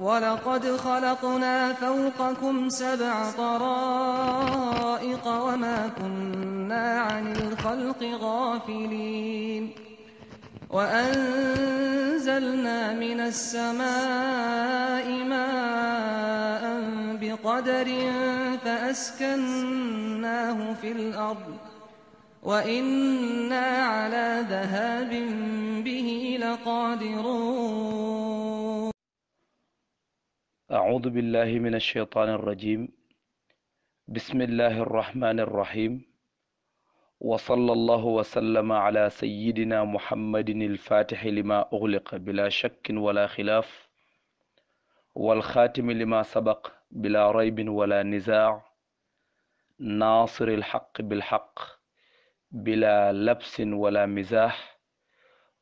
ولقد خلقنا فوقكم سبع طرائق وما كنا عن الخلق غافلين وأنزلنا من السماء ماء بقدر فأسكناه في الأرض وإنا على ذهاب به لقادرون أعوذ بالله من الشيطان الرجيم بسم الله الرحمن الرحيم وصلى الله وسلم على سيدنا محمد الفاتح لما أغلق بلا شك ولا خلاف والخاتم لما سبق بلا ريب ولا نزاع ناصر الحق بالحق بلا لبس ولا مزاح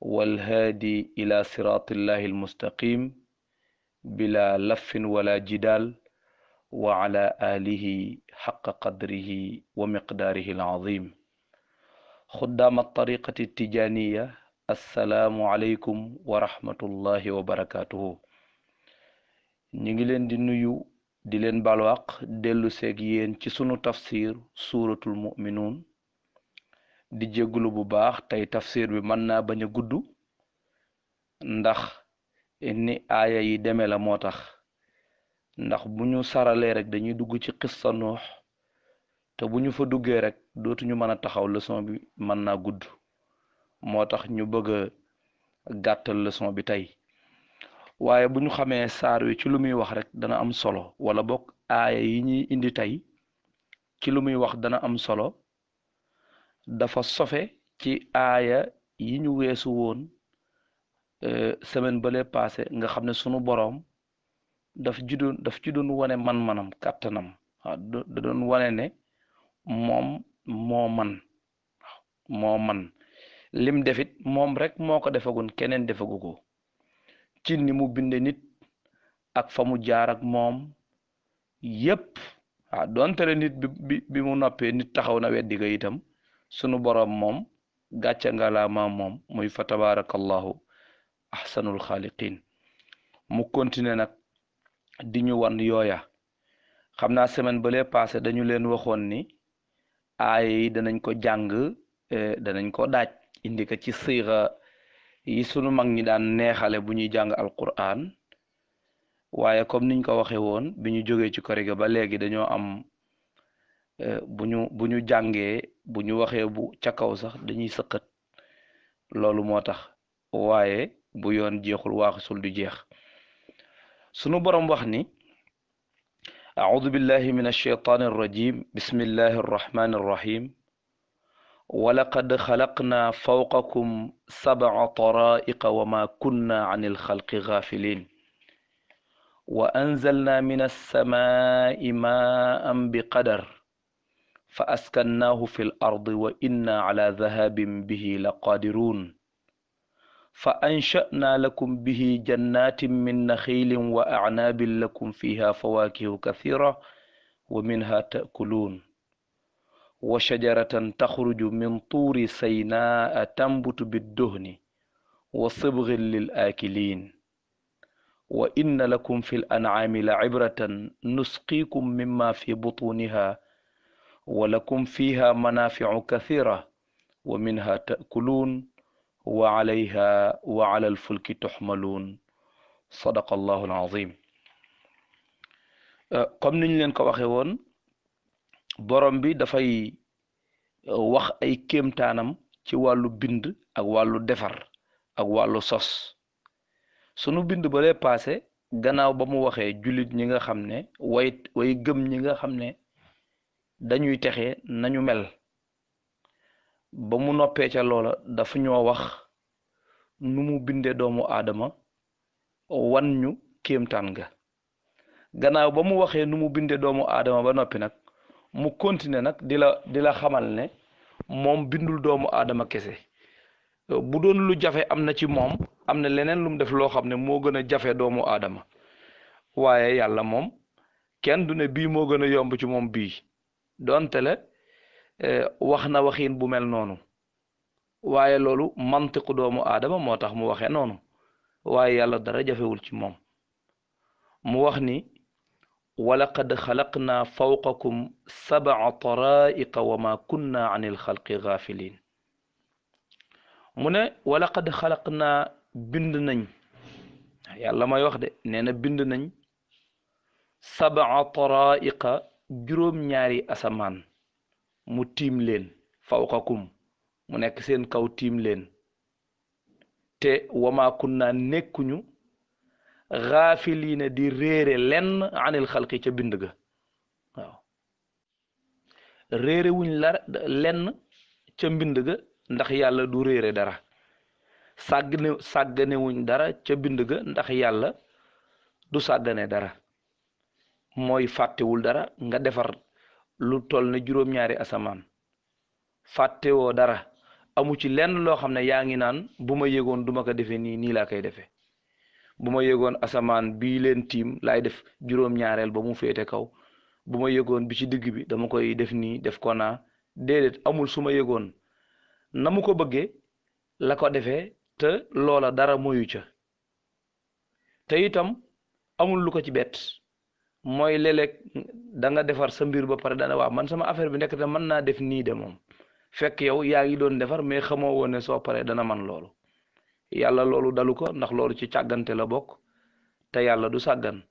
والهادي إلى صراط الله المستقيم bila laffin wala jidaal wa ala alihi xaqa qadrihi wa miqdaarihi alazim xuddaama tariqati tijaaniya assalaamu aleykum wa rahmatullahi wa barakatuhu ñu ngi leen di nuyu di leen balwaq dellu seeg yéen ci sunu tafsir suuratul muminuun di jéggulu bu baax tey tafsir bi mën naa bañ a gudd ndax ni aaya yi demee la moo tax ndax bu ñu saralee rek dañuy dugg ci xissa noox te bu ñu fa duggee rek dootuñu mën a taxaw lesson bi mën naa gudd moo tax ñu bëgg a gàttal leçon bi tey waaye bu ñu xamee saar wi ci lu muy wax rek dana am solo wala bokk aaya yi ñuy indi tey ci lu muy wax dana am solo dafa sofe ci aaya yi ñu weesu woon Euh, semaine bële passé nga xam ne sunu boroom daf ci doon daf ci doon wane man-manam kàttanam waaw da doon wane ne moom moo man moo man lim defit moom rek moo ko defagun keneen defagu ko ci ni mu binde nit ak fa mu jaar ak moom yépp waaw donte nit bi mu noppee nit taxaw na weddi ga itam sunu boroom moom gàcce nga laa ma moom muy fa tabaarakallahu ahsanul xaaliqin mu continuer nag di ñu wan yooya xam naa semaine balee passé dañu leen waxoon ni aaya yi danañ ko jàng eh, danañ ko daaj indi ko ci siira yi sunu mag ñi daan neexale bu ñuy jàng alquran waaye comme niñ ko waxee woon bi ñu jógee ci korige ba léegi dañoo am eh, bu ñu bu ñu jàngee bu ñu waxee bu ca kaw sax dañuy sëqat loolu moo tax waaye bu yoon jeexul waaxisul du jeex sunu borom wax ni أعوذ بالله من الشيطان الرجيم بسم الله الرحمن الرحيم ولقد خلقنا فوقكم سبع طرائق وما كنا عن الخلق غافلين وأنزلنا من السماء ماء بقدر فأسكناه في الأرض وإنا على ذهاب به لقادرون fa ansha'naa lakum bihi jannatin min naxilin wa a'naabin lakum fiha fawaakihu kathira wa minha taakuluun wa shajaratan taxruju min tuuri saynaa tambutu bidduhni wa sibghin lil aakiliin wa inna lakum fi l-an'aami la cibratan nusqiikum mimmaa fi butunihaa wa lakum fiihaa manaaficu kathira wa minhaa taakuluun wa alayha wa ala alfulki tuxmaluun sadaqa allahu alazim comme niñ leen ko waxe woon borom bi dafay euh, wax ay kéemtaanam ci wàllu bind ak wàllu defar ak wàllu sos sunu bind ba lee paase gannaaw ba mu waxee jullit ñi nga xam ne way way gëm ñi nga xam ne dañuy texe nañu mel ba mu noppee ca loola dafa ñoo wax nu mu bindee doomu aadama wan ñu kéemtaan nga gannaaw ba mu waxee nu mu bindee doomu aadama ba noppi nag mu continuer nag di la di la xamal ne moom bindul doomu aadama kese bu doon lu jafe am na ci moom am na leneen lu mu def loo xam ne moo gën a jafe doomu aadama waaye yàlla moom kenn du ne bii moo gën a yomb ci moom bii doonte Eh, wax na waxin bu mel noonu waaye loolu mantiqu doomu aadama moo tax mu waxee noonu waaye yàlla dara jafewul ci moom mu wax ni walaqad xalaqnaa fawqakum saba taraa'iqa wa ma kunna an il xalqi mu ne walaqad xalaqnaa bind nañ yàlla may wax de nee na bind nañ sabaa taraa'iqa juróom-ñaari asamaan mu tiim leen faw fawqakum mu nekk seen kaw tiim leen te wama kunna nekkuñu xaafiliina di réere lenn anil xalqi ca bind ga waaw réere wuñ lenn ca mbind ga ndax yàlla du réere dara sàggane sàggane wuñ dara ca bind ga ndax yàlla du sàggane dara mooy fàttewul dara nga defar lu tol ne juróom-ñaari asamaan fàttewoo dara amu ci lenn loo xam ne yaa ngi naan bu ma yëgoon du ma ko defee nii nii laa koy defee bu ma yëgoon asamaan bii leen tiim laay def juróom-ñaareel ba mu féete kaw bu ma yëgoon bi ci digg bi dama koy def nii def ko naa déedéet amul su ma yëgoon na mu ko bëggee la ko defee te loola dara moyu ca te itam amul lu ko ci bett mooy léeg-léeg da nga defar sa mbiir ba pare dana waa man sama affaire bi nekk te mën naa def nii de moom fekk yow yaa ngi doon defar mais xamoo woon ne soo paree dana man loolu yàlla loolu dalu ko ndax loolu ci càggante la bokk te yàlla du sàggan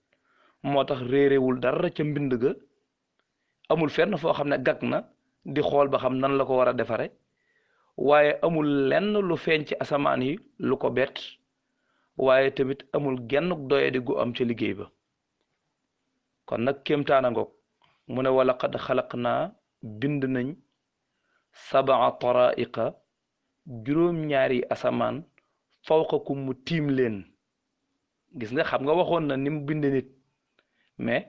moo tax réeréwul dara ca mbind ga amul fenn foo xam ne gag na di xool ba xam nan la ko war a defare waaye amul lenn lu feeñ ci asamaan yi lu ko bett waaye tamit amul genn doyadi gu am ca liggéey ba kon nag kéemtaana ngoog mu ne wala qad xalaq naa bind nañ sabaa taraiqa juróom-ñaari asamaan fawqakum mu tiim leen gis nga xam nga waxoon na ni mu bind nit mais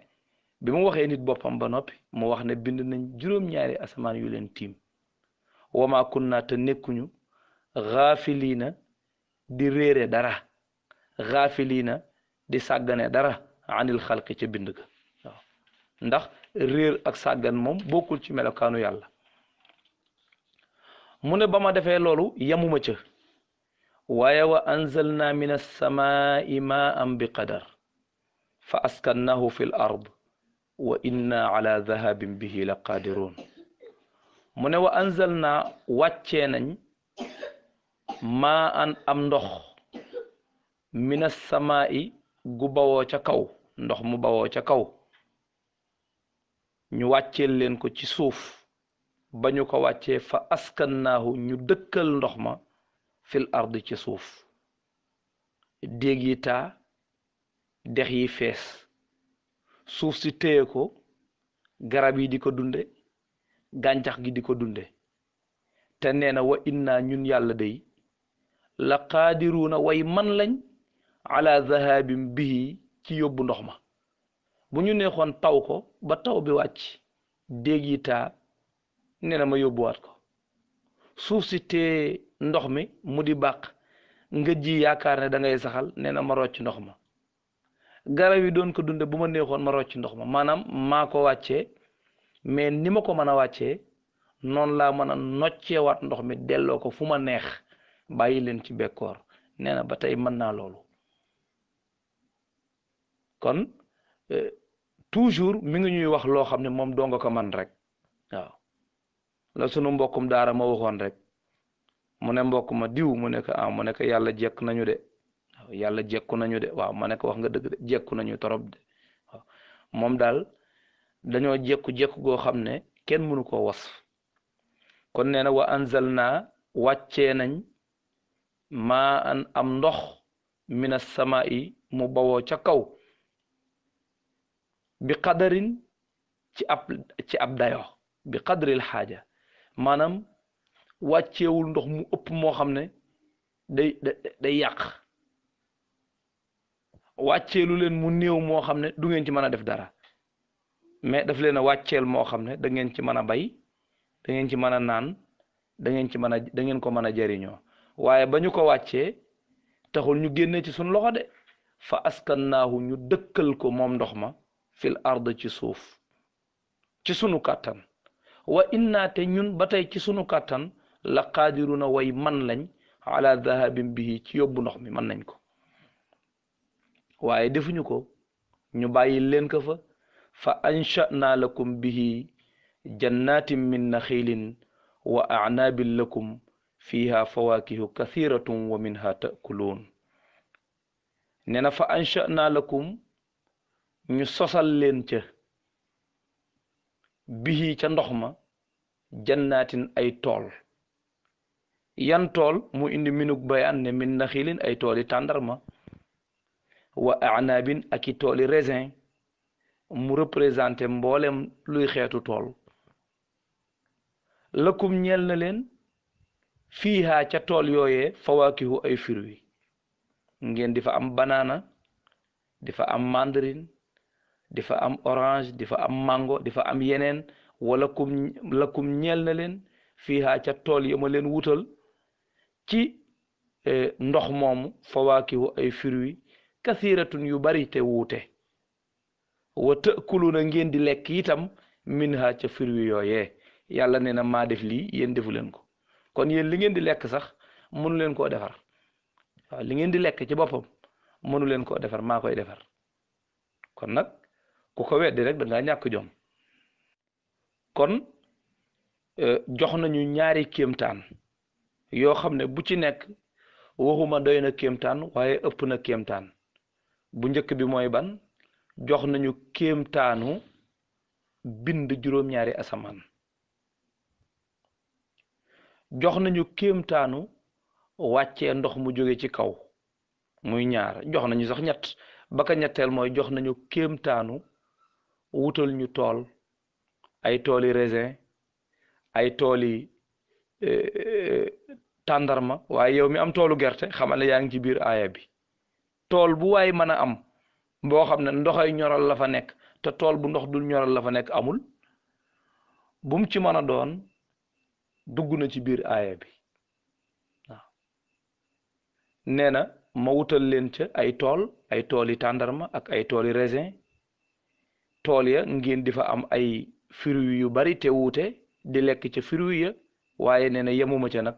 bi mu waxee nit boppam ba noppi mu wax ne bind nañ juróom-ñaari asamaan yu leen tiim wama kunna te nekkuñu xaafiliina di réere dara na di sàggane dara anil xalqi ca bind ga ndax riir ak sàggan moom bokkul ci melokaanu yàlla mu ne ba ma defee loolu yamuma ca waaye wa anzalna min alsamaai maan bi qadar fa askannahu fi l ard wa inna ala dahabin bihi la qadiron mu ne wa anzalna wàccee nañ maa an am ndox min alsamaai gu bawoo ca kaw ndox mu bawoo ca kaw ñu wàcceel leen ko ci suuf ba ñu ko wàccee fa askannaahu ñu dëkkal ndox ma fil ard ci suuf déeg yi taa dex yi fees suuf si téye ko garab yi di ko dunde gàncax gi di ko dunde te nee na wa inna ñun yàlla day la qaadiruuna way man lañ ala zahabin bihi ci yóbbu ndox ma bu ñu neexoon taw ko ba taw bi wàcc déeg yi taa nee na ma yóbbuwaat ko suuf si tee ndox mi mu di bàq nga ji yaakaar ne dangay ngay saxal nee na ma rocc ndox ma garab yi doon ko dunde bu ma neexoon ma rocc ndox ma maanaam maa ko wàccee mais ni ma ko mën a wàccee noonu laa mën a nocceewaat ndox mi delloo ko fu ma neex bàyyi leen ci bekkoor nee na ba tey mën naa loolu kon euh, toujours mi ngi ñuy wax loo xam ne moom doo nga ko man rek waaw la sunu mbokkum daara ma waxoon rek mu ne mbokk ma diw mu ne ko ah mu ne yàlla jekk nañu de waaw yàlla jekku nañu de waaw ma ne wax nga dëgg de jekku nañu torop de waaw daal dañoo jekku-jekku goo xam ne kenn mënu koo was kon nee na wa anzalna wàccee nañ maa an am ndox mina sama mu bawoo ca kaw bi qadarin ci ab ci ab dayo bi qadril xaaja maanaam wàccewul ndox mu ëpp moo xam ne day day yàq wàcceelu leen mu néew moo xam ne du ngeen ci mën a def dara mais daf leen a wàcceel moo xam ne da ngeen ci mën a bay da ngeen ci mën a naan da ngeen ci mën a da ngeen ko mën a jariñoo waaye ba ñu ko wàccee taxul ñu génne ci suñ loxo de fa askan askannaahu ñu dëkkal ko moom ndox ma fil ard ci suuf ci sunu kàttan wa inna te ñun ba tey ci sunu kàttan la qaadiruna way man lañ ala dahabin bihi ci yóbbu ndox mi mën nañ ko waaye defuñu ko ñu bàyyi leen ko fa fa ansha'na lakum bihi jannatin min naxilin wa a'nabin lakum fiha fawakihu kathiratun wa minha ta'kulun nee fa ansha'na lakum ñu sosal leen ca bihi ca ndox ma jannaatin ay tool yan tool mu indi minuk bayaan ne min naxilin ay tooli tàndarma wa anaabin ak i tooli raisin mu représenté mboolem luy xeetu tool lakum ñeel na leen fiihaa ca tool yooyee fawaakihu ay firwi ngeen di fa am banaana di fa am mandarine di fa am orange di fa am mango di fa am yeneen wala kum lakum ñeel na leen fiihaa ca tool ya ma leen wutal ci e, ndox moomu fawaakihu ay fruits kasiratun yu bari te wuute wa tëkuluna ngeen di lekk itam minha ca fruits yooyee yàlla nee na maa def lii yéen defu leen ko kon yéen li ngeen di lekk sax mënu leen koo defar waaw li ngeen di lekk ci boppam mënu leen koo defar ma koy defar kon nag ku ko weddi rek da ngaa ñàkk jom kon e, jox nañu ñaari kéemtaan yoo xam ne bu ci nekk waxuma doy na kéemtaan waaye ëpp na kéemtaan bu njëkk bi mooy ban jox nañu kéemtaanu bind juróom-ñaari asamaan jox nañu kéemtaanu wàccee ndox mu jóge ci kaw muy ñaar jox nañu sax ñett ba ñetteel mooy jox nañu kéemtaanu wutal ñu tool ay tooli raisin ay tooli eh, eh, tàndarma waaye yow mi am toolu gerte xamal ne yaa ngi ci biir aaya bi tool bu waay mën a am boo xam ne ndoxay ñoral la fa nekk te tool bu ndox dul ñoral la fa nekk amul bum ci mën a doon dugg na ci biir aaya bi waaw nee na ma wutal leen ca ay tool ay tooli tàndarma ak ay tooli raisin tool ya ngeen di fa am ay fruits yu bari te wuute di lekk ca fruits ya waaye nee na yemuma ca nag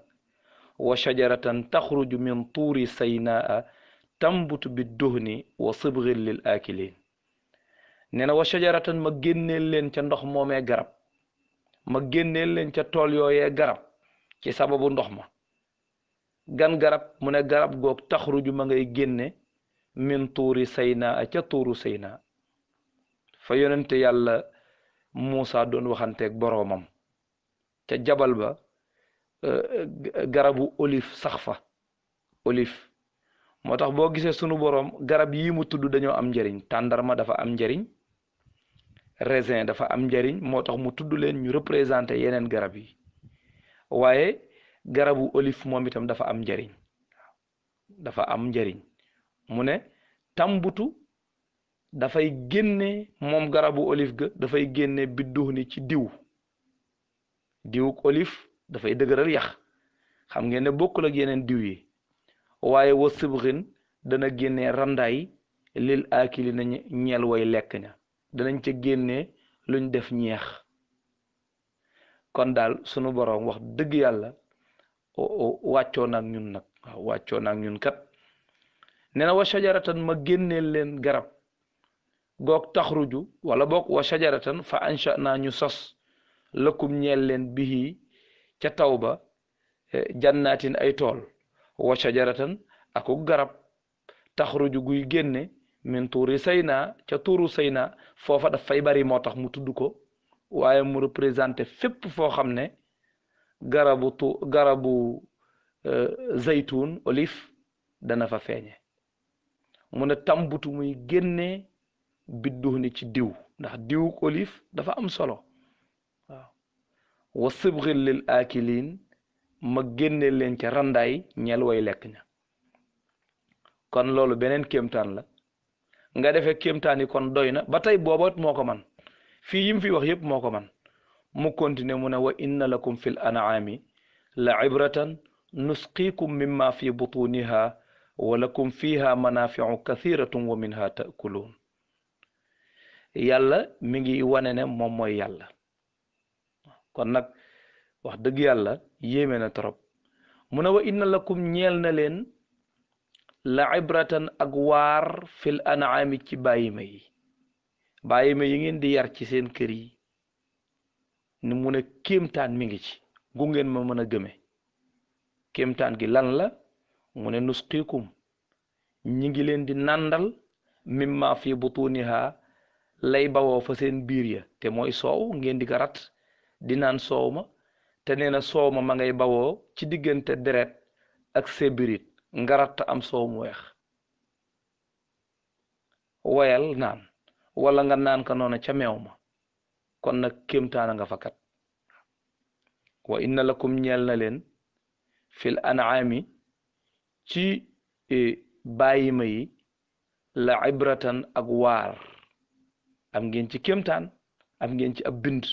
wa shajaratan taxruju min tuuri saynaa tambutu bi duhni wa sibghin lil aakilin nee na wa shajaratan ma génneel leen ca ndox moomee garab ma génneel leen ca tool yooyee garab ci sababu ndox ma gan garab mu ne garab goog taxruju ma ngay génne min tuuri saynaa ca tuuru saynaa fa yonente yàlla Muusa doon waxanteeg boroomam ca jabal ba euh, euh, garabu olive sax fa olive moo tax boo gisee sunu borom garab yi mu tudd dañoo am njariñ tàndarma dafa am njariñ raisin dafa am njariñ moo tax mu tudd leen ñu représenté yeneen garab yi waaye garabu olive moom itam dafa am njariñ dafa am njariñ mu ne tambutu dafay génne moom garabu olive ga dafay génne bidduux ni ci diw diwuk olive dafay dëgëral yax xam ngeen ne bokkul ak yeneen diw yi waaye wa sibrin dana génne randaay lil aakili na ñeel way lekk ña danañ ci génne luñ def ñeex kon daal sunu boroom wax dëgg yàlla wàccoo naag ñun nag waaw wàccoo naag ñun kat nee na wa shajaratan ma génneel leen garab goog taxruju wala boog wa shajaratan fa ansha naa ñu sos lëkkum ñeel leen bihi ca taw ba e, jannaatin ay tool wa shajaratan aku garab taxruju guy génne min tuuri sayna ca tuuru sayna foofa daf fay bari moo tax mu tudd ko waaye mu représenté fépp foo xam ne garabu tu garabu e, zaytun olive dana fa feeñe mu ne tambutu muy génnee biddu ci diw ndax diw olive dafa am solo waaw wa sibxil lil aakiliin ma génne leen ca randaay ñeel way lekk ña kon loolu beneen kéemtaan la nga defe kéemtaan kon doy na ba tey booba moo ko man fii yim fi wax yépp moo ko man mu continuer mu ne wa inna lakum fil anaami la ibratan nusqiikum mimma fi butuniha wa lakum fiha manaafiu kathiratun wa minha taakuluun yàlla mi ngi wane ne moom mooy yàlla kon nag wax dëgg yàlla yéeme na trop mu ne wa inna lakum ñeel na leen la ibratan ak waar fil anaami ci bàyyima yi ma yi ngeen di yar ci seen kër yi ni mu ne kéemtaan mi ngi ci gu ngeen ma mën a gëme kéemtaan gi lan la mu ne nusqiikum ñi ngi leen di nàndal mimma fi butuniha lay bawoo fa seen biir ya te mooy soow ngeen di garat di naan soow ma te nee na soow ma ma ngay bawoo ci diggante deret ak sébirit ngarat rat am soow mu weex wayal naan wala nga naan ka noona ca meew ma kon nag kéemtaana nga fakat wa inna lakum ñeel na leen fil anaami ci eh, bàyyima yi la ibratan ak waar am ngeen ci kémtaan am ngeen ci ab bind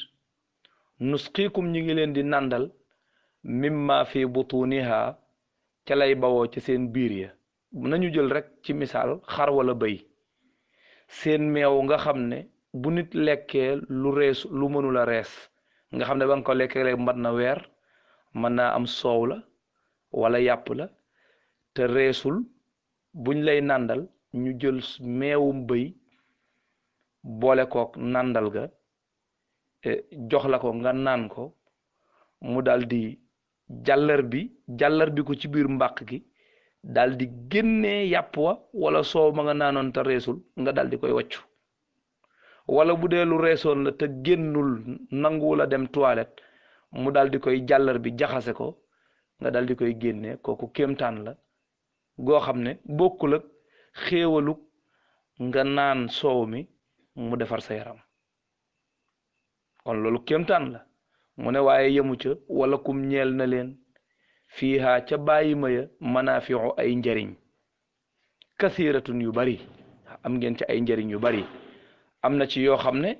nusqiikum ñu ngi leen di nàndal mimma fi butuniha ca lay bawoo ci seen biir ya nañu jël rekk ci misaal xar wala bëy seen meew nga xam ne bu nit lekkee lu rees lu mënul a rees nga xam ne ba nga ko lekkee rek mat na weer mën naa am soow la wala yàpp la te reesul buñ lay nàndal ñu jël meewum bëy boole kook nandal ga eh, jox la ko nga naan ko mu daldi di jàllar bi jàllar bi ko ci biir mbàq gi daldi di yàpp wa wala soow ma nga naanoon te reesul nga daal di koy waccu wala bu dee lu reesoon la te génnul nanguwul dem toilette mu daldi koy jàllar bi jaxase ko nga daldi koy génne kooku kéemtaan la goo xam ne bokkul ak xéewaluk nga naan soow mi mu defar sa yaram kon loolu kéemtaan la mu ne waaye yemu ca wala kum ñeel na leen fiihaa ca bàyyi ma ya manaafiu ay njariñ kasiiratun yu bari am ngeen ci ay njariñ yu bari am na ci yoo xam ne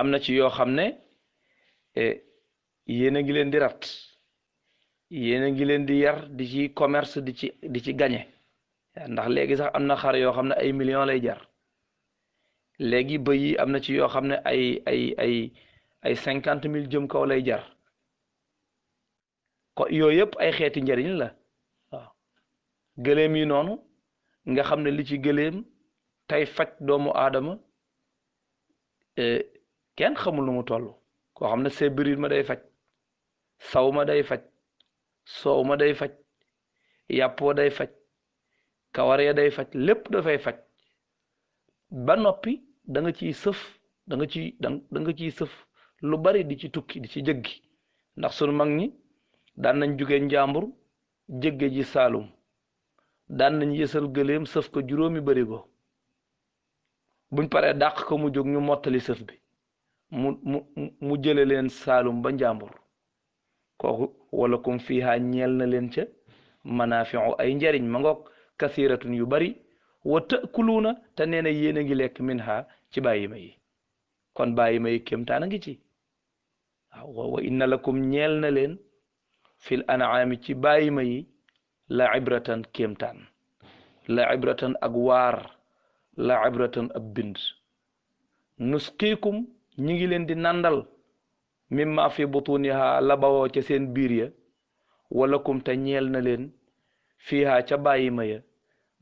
am na ci yoo xam ne e, yéen a ngi leen di rat yéen a ngi leen di yar di ci commerce di ci di ci gañe ndax léegi sax am na xar yoo xam ne ay millions lay jar léegi bëy am na ci yoo xam ne ay ay ay ay cinquante mille jëm kaw lay jar ko yooyu yëpp ay xeeti njariñ la waaw gëléem noonu nga xam ne li ci gëléem tey faj doomu aadama e, kenn xamu nu mu toll koo xam ne sébbirit ma day faj saw ma day faj soow ma day faj yàpp day faj kawar ya day faj lépp dafay faj ba noppi danga ci sëf danga ci danga da ciy sëf lu bari di ci tukki di ci jëggi ndax sunu mag ñi daan nañ jugee njàmbur jëgge ji saalum daan nañ yësal gëléem sëf ko juróomi bari buñ paree daq ko mu jóg ñu mottali sëf bi mu mu jële leen saalum ba njàmbur kooku wala kum fiihaa ñeel na leen ca manaafiu ay njariñ ma ngoog kasiratun yu bari wa taakuluuna te nee na yéen a ngi lekk min ha ci bàyyima yi kon bàyyima yi kéemtaan a ngi ci waaw wa inna lakum ñeel na leen fil anaami ci bàyyima yi la ibratan kéemtaan la ibratan ak waar la ibratan ab bind nusqiikum ñi ngi leen di nandal mimma fi butuniha la bawoo ca seen biir ya walakum te ñeel na leen fiiha ca bàyyima ya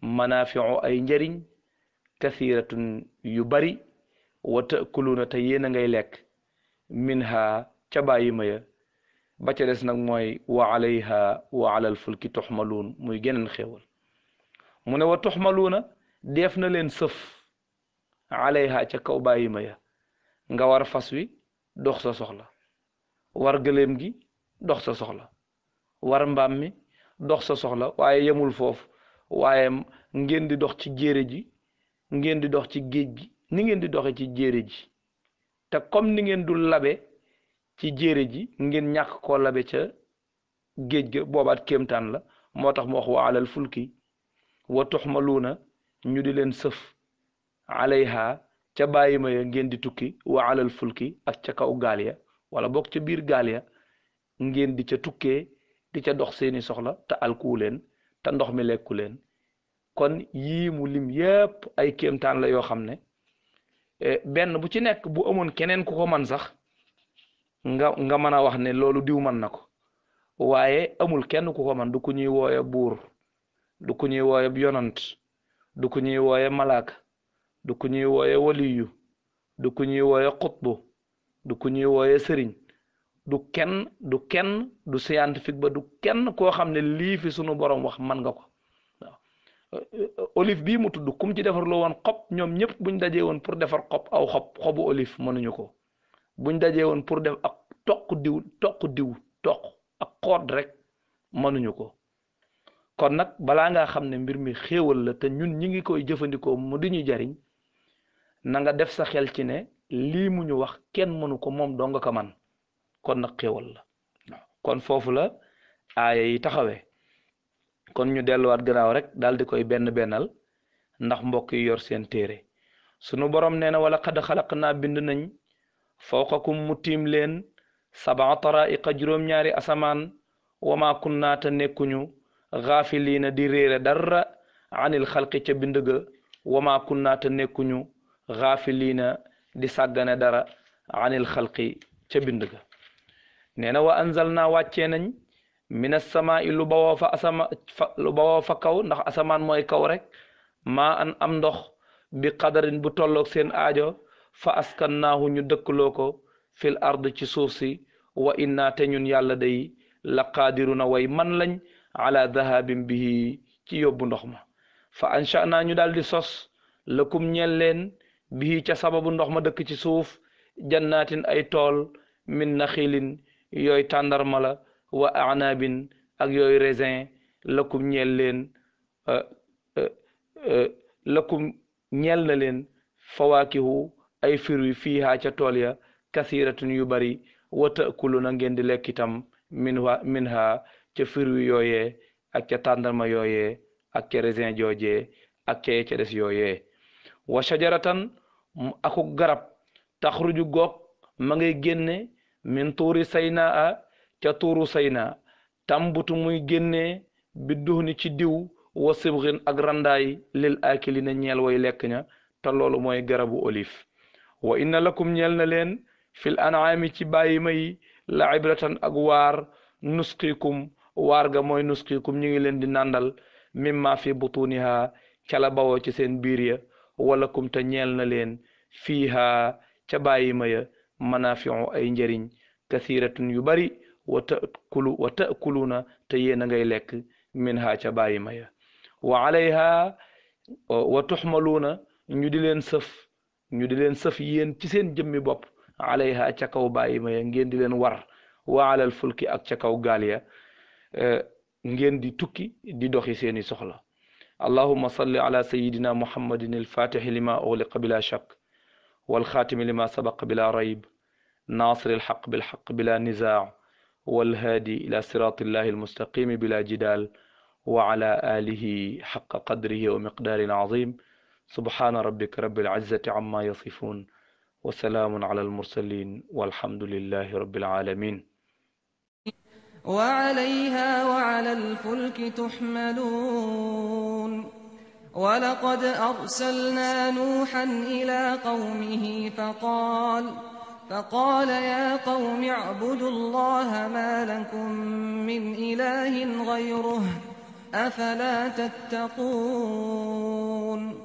manaafiu ay njariñ kathiratun yu bari wa takuluna te yéen a ngay lekk min ha ca bàyyi ma ya ba ca des nag mooy wa alayha wa alal ma tuxmaluun muy geneen xéewal mu ne wa ma tuxmaluuna def na leen sëf alayha ca kaw ba ma ya nga war fas wi dox sa soxla war gëléem gi dox sa soxla war mbaam mi dox sa soxla waaye yemul foofu waaye ngeen di dox ci jéere ji ngeen di dox ci géej gi ni ngeen di doxe ci jéere ji te comme ni ngeen dul labe ci jéere ji ngeen ñàkk koo labe ca géej ga boobaat kéemtaan la moo tax mu wax wa alal fulki wa tuxmaluuna ñu di leen sëf alayha ca bàyyi ma ya ngeen di tukki wa alal fulki ak ca kaw gaal ya wala bokk ca biir gaal ya ngeen di ca tukkee di ca dox seeni soxla te alkuwu te ndox mi lekku leen kon yii mu lim yépp ay kéemtaan la yoo xam ne eh, benn bu ci nekk bu amoon keneen ku ko man sax nga nga mën a wax ne loolu diw man na ko waaye amul kenn ku ko man du ku ñuy wooye buur du ku ñuy wooye yonant du ku ñuy wooye malaaka du ku ñuy wooye waliyu du ku ñuy wooye xutbu du ñuy wooye sëriñ du kenn du kenn du scientifique ba du kenn koo xam ne lii fi sunu borom wax man nga ko waaw euh, olive bii mu tudd kum ci defarloo woon xob ñoom ñëpp buñ dajee woon pour defar xob aw xob xobu olive mënuñu ko buñ dajee woon pour def ak toq diw toq diw toq ak xood rek mënuñu ko kon nag balaa ngaa xam ne mbir mi xéewal la te ñun ñi ngi koy jëfandikoo mu di ñu jariñ na nga def sa xel ci ne lii mu ñu wax kenn mënu ko moom doo ko man kon nag xéwal la kon foofu la aaya yi taxawee kon ñu delluwaat gannaaw rek daal di koy benn bennal ndax mbokk yi yor seen sunu borom nee wala xad xalaq naa bind nañ fawqakum mu tiim leen sabaa taraiqa juróom-ñaari asamaan wama kunnaata nekkuñu gaafiliina di réere dara anil xalqi ca bind ga wama kunnaata nekkuñu di sàggane dara anil xalqi ca bind ga nee na wa na wàccee nañ mina samaa'i lu bawoo fa asama lu bawoo fa kaw ndax asamaan mooy kaw rek maa an am ndox bi qadarin bu tolloog seen aajo fa askan naahu ñu dëkkaloo ko fil ard ci suuf si wa inna te ñun yàlla day la qaadiruna way man lañ ala dahabin bihi ci yóbbu ndox ma fa ansha naa ñu daal di sos lëkum ñeel bihi ca sababu ndox ma dëkk ci suuf jannaatin ay tool min naxilin yooyu tàndarma la wa anabin ak yooyu raisin lakum ñeel leen euh, euh, euh, lakum ñeel na leen fawaakihu ay fir wi fiihaa ca tool ya kasiratun yu bari wa takuluna ngeen di lekk itam minha minha ca fir wi yooyee ak ca tàndarma yooyee ak ca raisin joojee ak ca des yooyee wa shajaratan akuk garab taxruju goog ma ngay génne min tuuri a ca tuuru saynaa tambutu muy génnee bi ci diw wa sibxin ak randaay lil aakili na ñeel way lekk ña te loolu mooy garabu olive wa inna lakum ñeel na leen fil anaami ci bàyyi may la ibratan ak waar nusqiikum waar ga mooy nusqiikum ñu ngi leen di nandal nàndal mimma fi butuniha cala bawoo ci seen biir ya walakum te ñeel na leen fiiha ca bàyyi ma manafiu ay njëriñ kathiratun yu bari wa takulu wa te yéen a ngay lekk min ha ca bàyyi ma ya wa alayha wa tuxmaluuna ñu di leen sëf ñu di leen sëf yéen ci seen jëmmi bopp alayha ca kaw bàyyi ma ngeen di leen war wa alal fulki ak ca kaw gaal ya e, ngeen di tukki di doxi seeni soxla allahuma salli ala sayidina muhammadin alfatixi lima uxliqa bila shak والخاتم لما سبق بلا ريب ناصر الحق بالحق بلا نزاع والهادي إلى صراط الله المستقيم بلا جدال وعلى آله حق قدره ومقدار عظيم سبحان ربك رب العزة عما يصفون وسلام على المرسلين والحمد لله رب العالمين وعليها وعلى الفلك تحملون ولقد أرسلنا نوحا إلى قومه فقال فقال يا قوم اعبدوا الله ما لكم من إله غيره أفلا تتقون